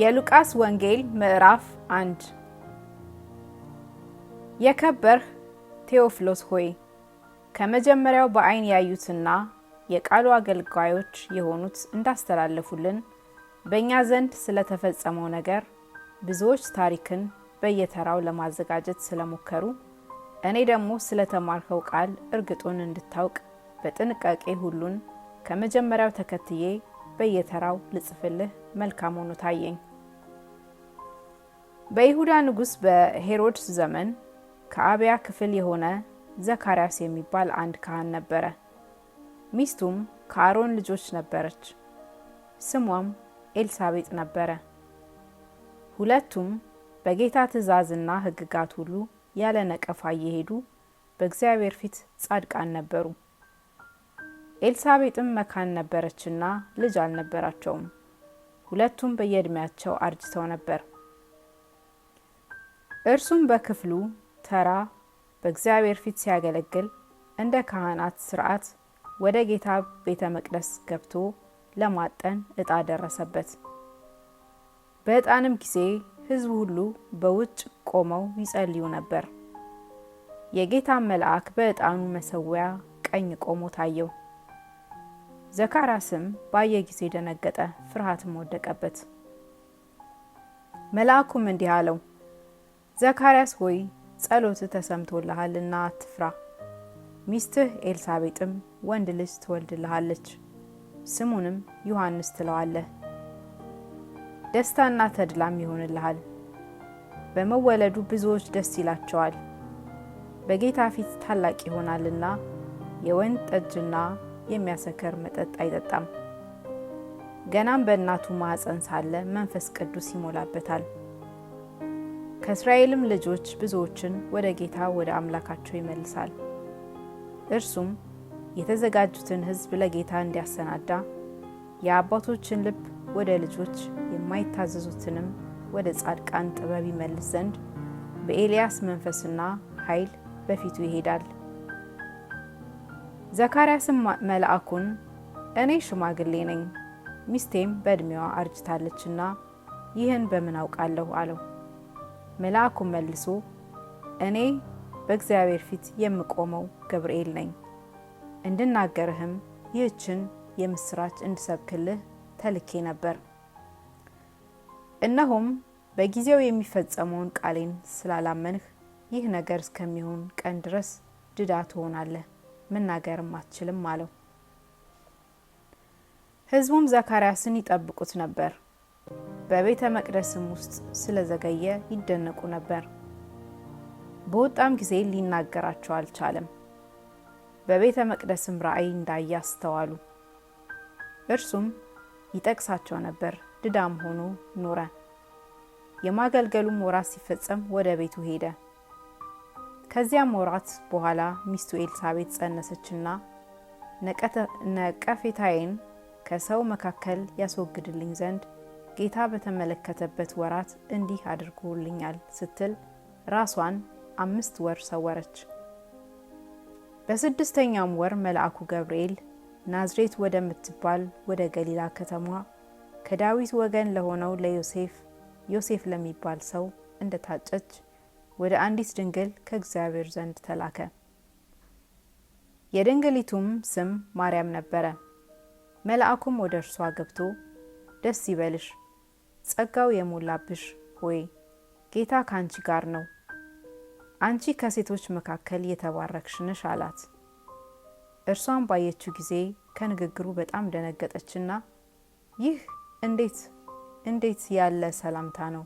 የሉቃስ ወንጌል ምዕራፍ አንድ የከበርህ ቴዎፍሎስ ሆይ ከመጀመሪያው በዓይን ያዩትና የቃሉ አገልጋዮች የሆኑት እንዳስተላለፉልን በእኛ ዘንድ ስለተፈጸመው ነገር ብዙዎች ታሪክን በየተራው ለማዘጋጀት ስለሞከሩ እኔ ደግሞ ስለተማርከው ቃል እርግጡን እንድታውቅ በጥንቃቄ ሁሉን ከመጀመሪያው ተከትዬ በየተራው ልጽፍልህ መልካም ሆኖ ታየኝ። በይሁዳ ንጉሥ በሄሮድስ ዘመን ከአብያ ክፍል የሆነ ዘካርያስ የሚባል አንድ ካህን ነበረ። ሚስቱም ከአሮን ልጆች ነበረች፣ ስሟም ኤልሳቤጥ ነበረ። ሁለቱም በጌታ ትእዛዝና ሕግጋት ሁሉ ያለ ነቀፋ እየሄዱ በእግዚአብሔር ፊት ጻድቃን ነበሩ። ኤልሳቤጥም መካን ነበረችና ልጅ አልነበራቸውም። ሁለቱም በየዕድሜያቸው አርጅተው ነበር። እርሱም በክፍሉ ተራ በእግዚአብሔር ፊት ሲያገለግል እንደ ካህናት ስርዓት ወደ ጌታ ቤተ መቅደስ ገብቶ ለማጠን ዕጣ ደረሰበት። በእጣንም ጊዜ ሕዝቡ ሁሉ በውጭ ቆመው ይጸልዩ ነበር። የጌታን መልአክ በዕጣኑ መሰዊያ ቀኝ ቆሞ ታየው። ዘካራስም ባየ ጊዜ ደነገጠ፣ ፍርሃትም ወደቀበት። መልአኩም እንዲህ አለው ዘካርያስ ሆይ ጸሎት ተሰምቶልሃልና አትፍራ፣ ሚስትህ ኤልሳቤጥም ወንድ ልጅ ትወልድልሃለች፣ ስሙንም ዮሐንስ ትለዋለህ። ደስታና ተድላም ይሆንልሃል፣ በመወለዱ ብዙዎች ደስ ይላቸዋል። በጌታ ፊት ታላቅ ይሆናልና የወይን ጠጅና የሚያሰከር መጠጥ አይጠጣም። ገናም በእናቱ ማኅፀን ሳለ መንፈስ ቅዱስ ይሞላበታል። ከእስራኤልም ልጆች ብዙዎችን ወደ ጌታ ወደ አምላካቸው ይመልሳል። እርሱም የተዘጋጁትን ህዝብ ለጌታ እንዲያሰናዳ የአባቶችን ልብ ወደ ልጆች የማይታዘዙትንም ወደ ጻድቃን ጥበብ ይመልስ ዘንድ በኤልያስ መንፈስና ኃይል በፊቱ ይሄዳል። ዘካርያስም መልአኩን እኔ ሽማግሌ ነኝ፣ ሚስቴም በዕድሜዋ አርጅታለችና ይህን በምን አውቃለሁ አለው። መልአኩም መልሶ እኔ በእግዚአብሔር ፊት የምቆመው ገብርኤል ነኝ፣ እንድናገርህም ይህችን የምስራች እንድሰብክልህ ተልኬ ነበር። እነሆም በጊዜው የሚፈጸመውን ቃሌን ስላላመንህ ይህ ነገር እስከሚሆን ቀን ድረስ ድዳ ትሆናለህ፣ መናገርም አትችልም አለው። ህዝቡም ዘካርያስን ይጠብቁት ነበር። በቤተ መቅደስም ውስጥ ስለዘገየ ይደነቁ ነበር። በወጣም ጊዜ ሊናገራቸው አልቻለም። በቤተ መቅደስም ራእይ እንዳየ አስተዋሉ። እርሱም ይጠቅሳቸው ነበር። ድዳም ሆኖ ኖረ። የማገልገሉም ወራት ሲፈጸም ወደ ቤቱ ሄደ። ከዚያም ወራት በኋላ ሚስቱ ኤልሳቤት ጸነሰችና ነቀፌታዬን ከሰው መካከል ያስወግድልኝ ዘንድ ጌታ በተመለከተበት ወራት እንዲህ አድርጎልኛል ስትል ራሷን አምስት ወር ሰወረች። በስድስተኛውም ወር መልአኩ ገብርኤል ናዝሬት ወደምትባል ወደ ገሊላ ከተማ ከዳዊት ወገን ለሆነው ለዮሴፍ ዮሴፍ ለሚባል ሰው እንደታጨች ወደ አንዲት ድንግል ከእግዚአብሔር ዘንድ ተላከ። የድንግሊቱም ስም ማርያም ነበረ። መልአኩም ወደ እርሷ ገብቶ ደስ ይበልሽ ጸጋው የሞላብሽ ሆይ ጌታ ከአንቺ ጋር ነው፣ አንቺ ከሴቶች መካከል የተባረክሽንሽ አላት። እርሷን ባየችው ጊዜ ከንግግሩ በጣም ደነገጠችና ይህ እንዴት እንዴት ያለ ሰላምታ ነው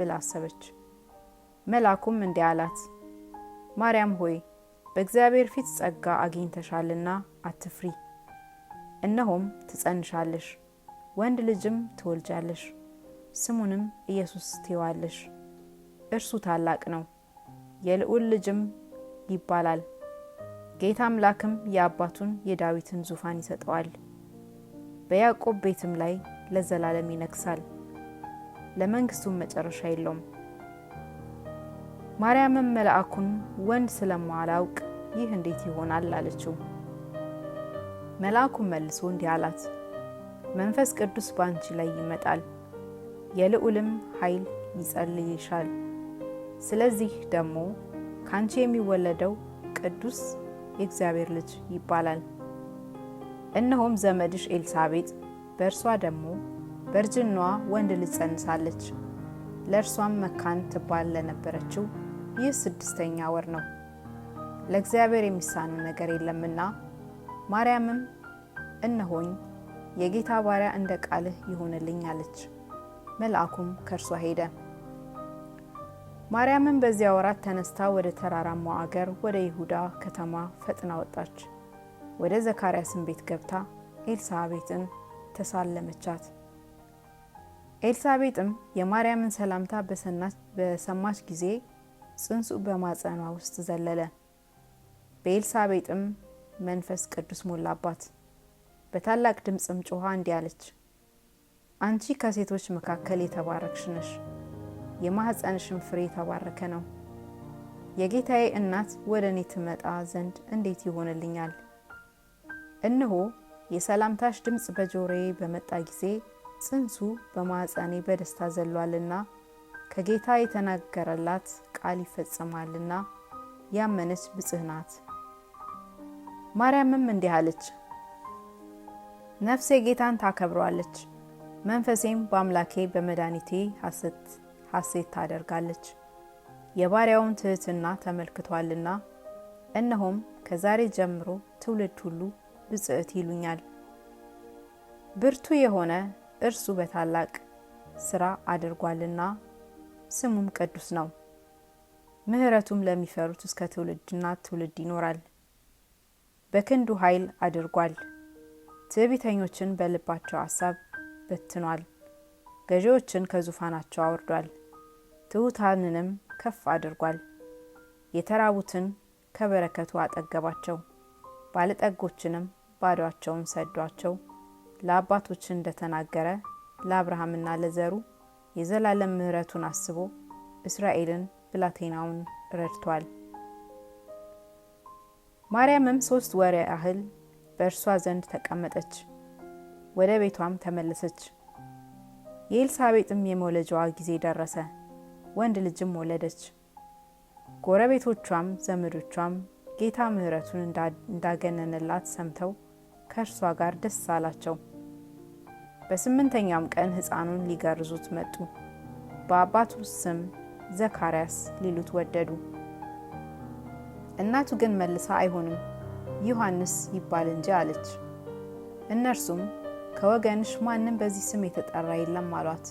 ብላ አሰበች። መልአኩም እንዲህ አላት፣ ማርያም ሆይ በእግዚአብሔር ፊት ጸጋ አግኝተሻልና አትፍሪ። እነሆም ትጸንሻለሽ፣ ወንድ ልጅም ትወልጃለሽ ስሙንም ኢየሱስ ትይዋለሽ። እርሱ ታላቅ ነው፣ የልዑል ልጅም ይባላል። ጌታ አምላክም የአባቱን የዳዊትን ዙፋን ይሰጠዋል፣ በያዕቆብ ቤትም ላይ ለዘላለም ይነግሳል፣ ለመንግስቱም መጨረሻ የለውም። ማርያምም መልአኩን ወንድ ስለማላውቅ ይህ እንዴት ይሆናል አለችው። መልአኩም መልሶ እንዲህ አላት፣ መንፈስ ቅዱስ በአንቺ ላይ ይመጣል የልዑልም ኃይል ይጸልይሻል። ስለዚህ ደግሞ ካንቺ የሚወለደው ቅዱስ የእግዚአብሔር ልጅ ይባላል። እነሆም ዘመድሽ ኤልሳቤጥ በእርሷ ደግሞ በእርጅኗ ወንድ ልጅ ለእርሷም መካን ትባል ለነበረችው ይህ ስድስተኛ ወር ነው፣ ለእግዚአብሔር የሚሳነው ነገር የለምና። ማርያምም እነሆኝ፣ የጌታ ባሪያ እንደ ቃልህ ይሆንልኝ አለች። መልአኩም ከእርሷ ሄደ። ማርያምን በዚያ ወራት ተነስታ ወደ ተራራማው አገር ወደ ይሁዳ ከተማ ፈጥና ወጣች። ወደ ዘካርያስን ቤት ገብታ ኤልሳቤጥን ተሳለመቻት። ኤልሳቤጥም የማርያምን ሰላምታ በሰማች ጊዜ ጽንሱ በማጸኗ ውስጥ ዘለለ። በኤልሳቤጥም መንፈስ ቅዱስ ሞላባት። በታላቅ ድምፅም ጮኻ እንዲህ አለች አንቺ ከሴቶች መካከል የተባረክሽ ነሽ፣ የማኅፀንሽን ፍሬ የተባረከ ነው። የጌታዬ እናት ወደ እኔ ትመጣ ዘንድ እንዴት ይሆንልኛል? እነሆ የሰላምታሽ ድምፅ በጆሮዬ በመጣ ጊዜ ጽንሱ በማኅፀኔ በደስታ ዘሏልና ከጌታ የተናገረላት ቃል ይፈጸማልና ያመነች ብጽህ ናት። ማርያምም እንዲህ አለች፣ ነፍሴ ጌታን ታከብረዋለች መንፈሴም በአምላኬ በመድኃኒቴ ሐሴት ታደርጋለች፣ የባሪያውን ትህትና ተመልክቷልና። እነሆም ከዛሬ ጀምሮ ትውልድ ሁሉ ብጽዕት ይሉኛል። ብርቱ የሆነ እርሱ በታላቅ ስራ አድርጓልና ስሙም ቅዱስ ነው። ምሕረቱም ለሚፈሩት እስከ ትውልድና ትውልድ ይኖራል። በክንዱ ኃይል አድርጓል። ትዕቢተኞችን በልባቸው ሐሳብ በትኗል። ገዢዎችን ከዙፋናቸው አውርዷል፣ ትሑታንንም ከፍ አድርጓል። የተራቡትን ከበረከቱ አጠገባቸው፣ ባለጠጎችንም ባዷቸውን ሰዷቸው። ለአባቶች እንደተናገረ ለአብርሃምና ለዘሩ የዘላለም ምሕረቱን አስቦ እስራኤልን ብላቴናውን ረድቷል። ማርያምም ሶስት ወር ያህል በእርሷ ዘንድ ተቀመጠች። ወደ ቤቷም ተመለሰች። የኤልሳቤጥም የመውለጃዋ ጊዜ ደረሰ፣ ወንድ ልጅም ወለደች። ጎረቤቶቿም ዘመዶቿም ጌታ ምህረቱን እንዳገነነላት ሰምተው ከእርሷ ጋር ደስ አላቸው። በስምንተኛውም ቀን ሕፃኑን ሊገርዙት መጡ። በአባቱ ስም ዘካርያስ ሊሉት ወደዱ። እናቱ ግን መልሳ አይሆንም፣ ዮሐንስ ይባል እንጂ አለች። እነርሱም ከወገንሽ ማንም በዚህ ስም የተጠራ የለም አሏት።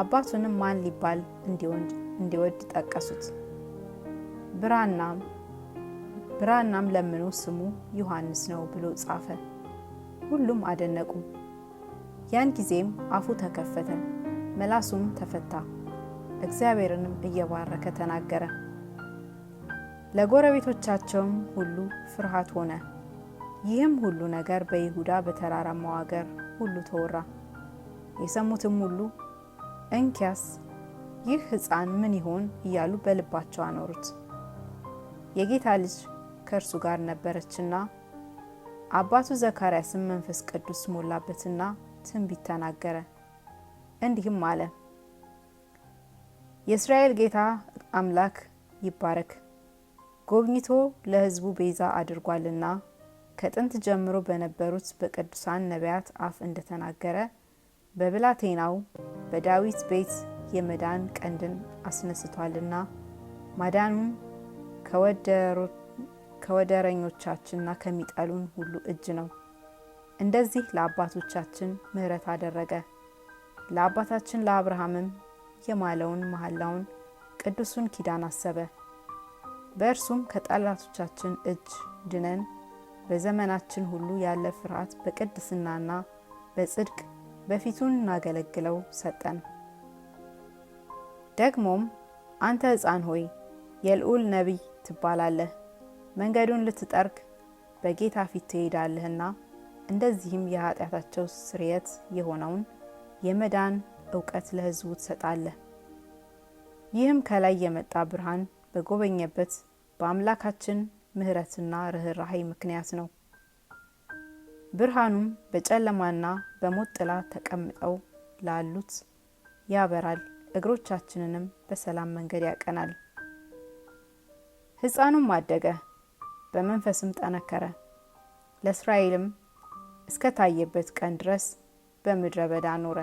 አባቱንም ማን ሊባል እንዲወድ ጠቀሱት። ብራናም ብራናም ለምኖ ስሙ ዮሐንስ ነው ብሎ ጻፈ። ሁሉም አደነቁ። ያን ጊዜም አፉ ተከፈተ፣ መላሱም ተፈታ፣ እግዚአብሔርንም እየባረከ ተናገረ። ለጎረቤቶቻቸውም ሁሉ ፍርሃት ሆነ። ይህም ሁሉ ነገር በይሁዳ በተራራማው አገር ሁሉ ተወራ። የሰሙትም ሁሉ እንኪያስ ይህ ሕፃን ምን ይሆን እያሉ በልባቸው አኖሩት። የጌታ ልጅ ከእርሱ ጋር ነበረችና አባቱ ዘካርያስም መንፈስ ቅዱስ ሞላበትና ትንቢት ተናገረ፣ እንዲህም አለ። የእስራኤል ጌታ አምላክ ይባረክ፣ ጎብኝቶ ለሕዝቡ ቤዛ አድርጓልና ከጥንት ጀምሮ በነበሩት በቅዱሳን ነቢያት አፍ እንደተናገረ በብላቴናው በዳዊት ቤት የመዳን ቀንድን አስነስቷልና ማዳኑን ከወደረኞቻችንና ከሚጠሉን ሁሉ እጅ ነው። እንደዚህ ለአባቶቻችን ምሕረት አደረገ። ለአባታችን ለአብርሃምም የማለውን መሐላውን ቅዱሱን ኪዳን አሰበ። በእርሱም ከጠላቶቻችን እጅ ድነን በዘመናችን ሁሉ ያለ ፍርሃት በቅድስናና በጽድቅ በፊቱን እናገለግለው ሰጠን። ደግሞም አንተ ሕፃን ሆይ የልዑል ነቢይ ትባላለህ፣ መንገዱን ልትጠርግ በጌታ ፊት ትሄዳለህና እንደዚህም የኃጢአታቸው ስርየት የሆነውን የመዳን እውቀት ለሕዝቡ ትሰጣለህ። ይህም ከላይ የመጣ ብርሃን በጎበኘበት በአምላካችን ምሕረትና ርኅራኄ ምክንያት ነው። ብርሃኑም በጨለማና በሞት ጥላ ተቀምጠው ላሉት ያበራል፣ እግሮቻችንንም በሰላም መንገድ ያቀናል። ሕፃኑም አደገ፣ በመንፈስም ጠነከረ፣ ለእስራኤልም እስከታየበት ቀን ድረስ በምድረ በዳ ኖረ።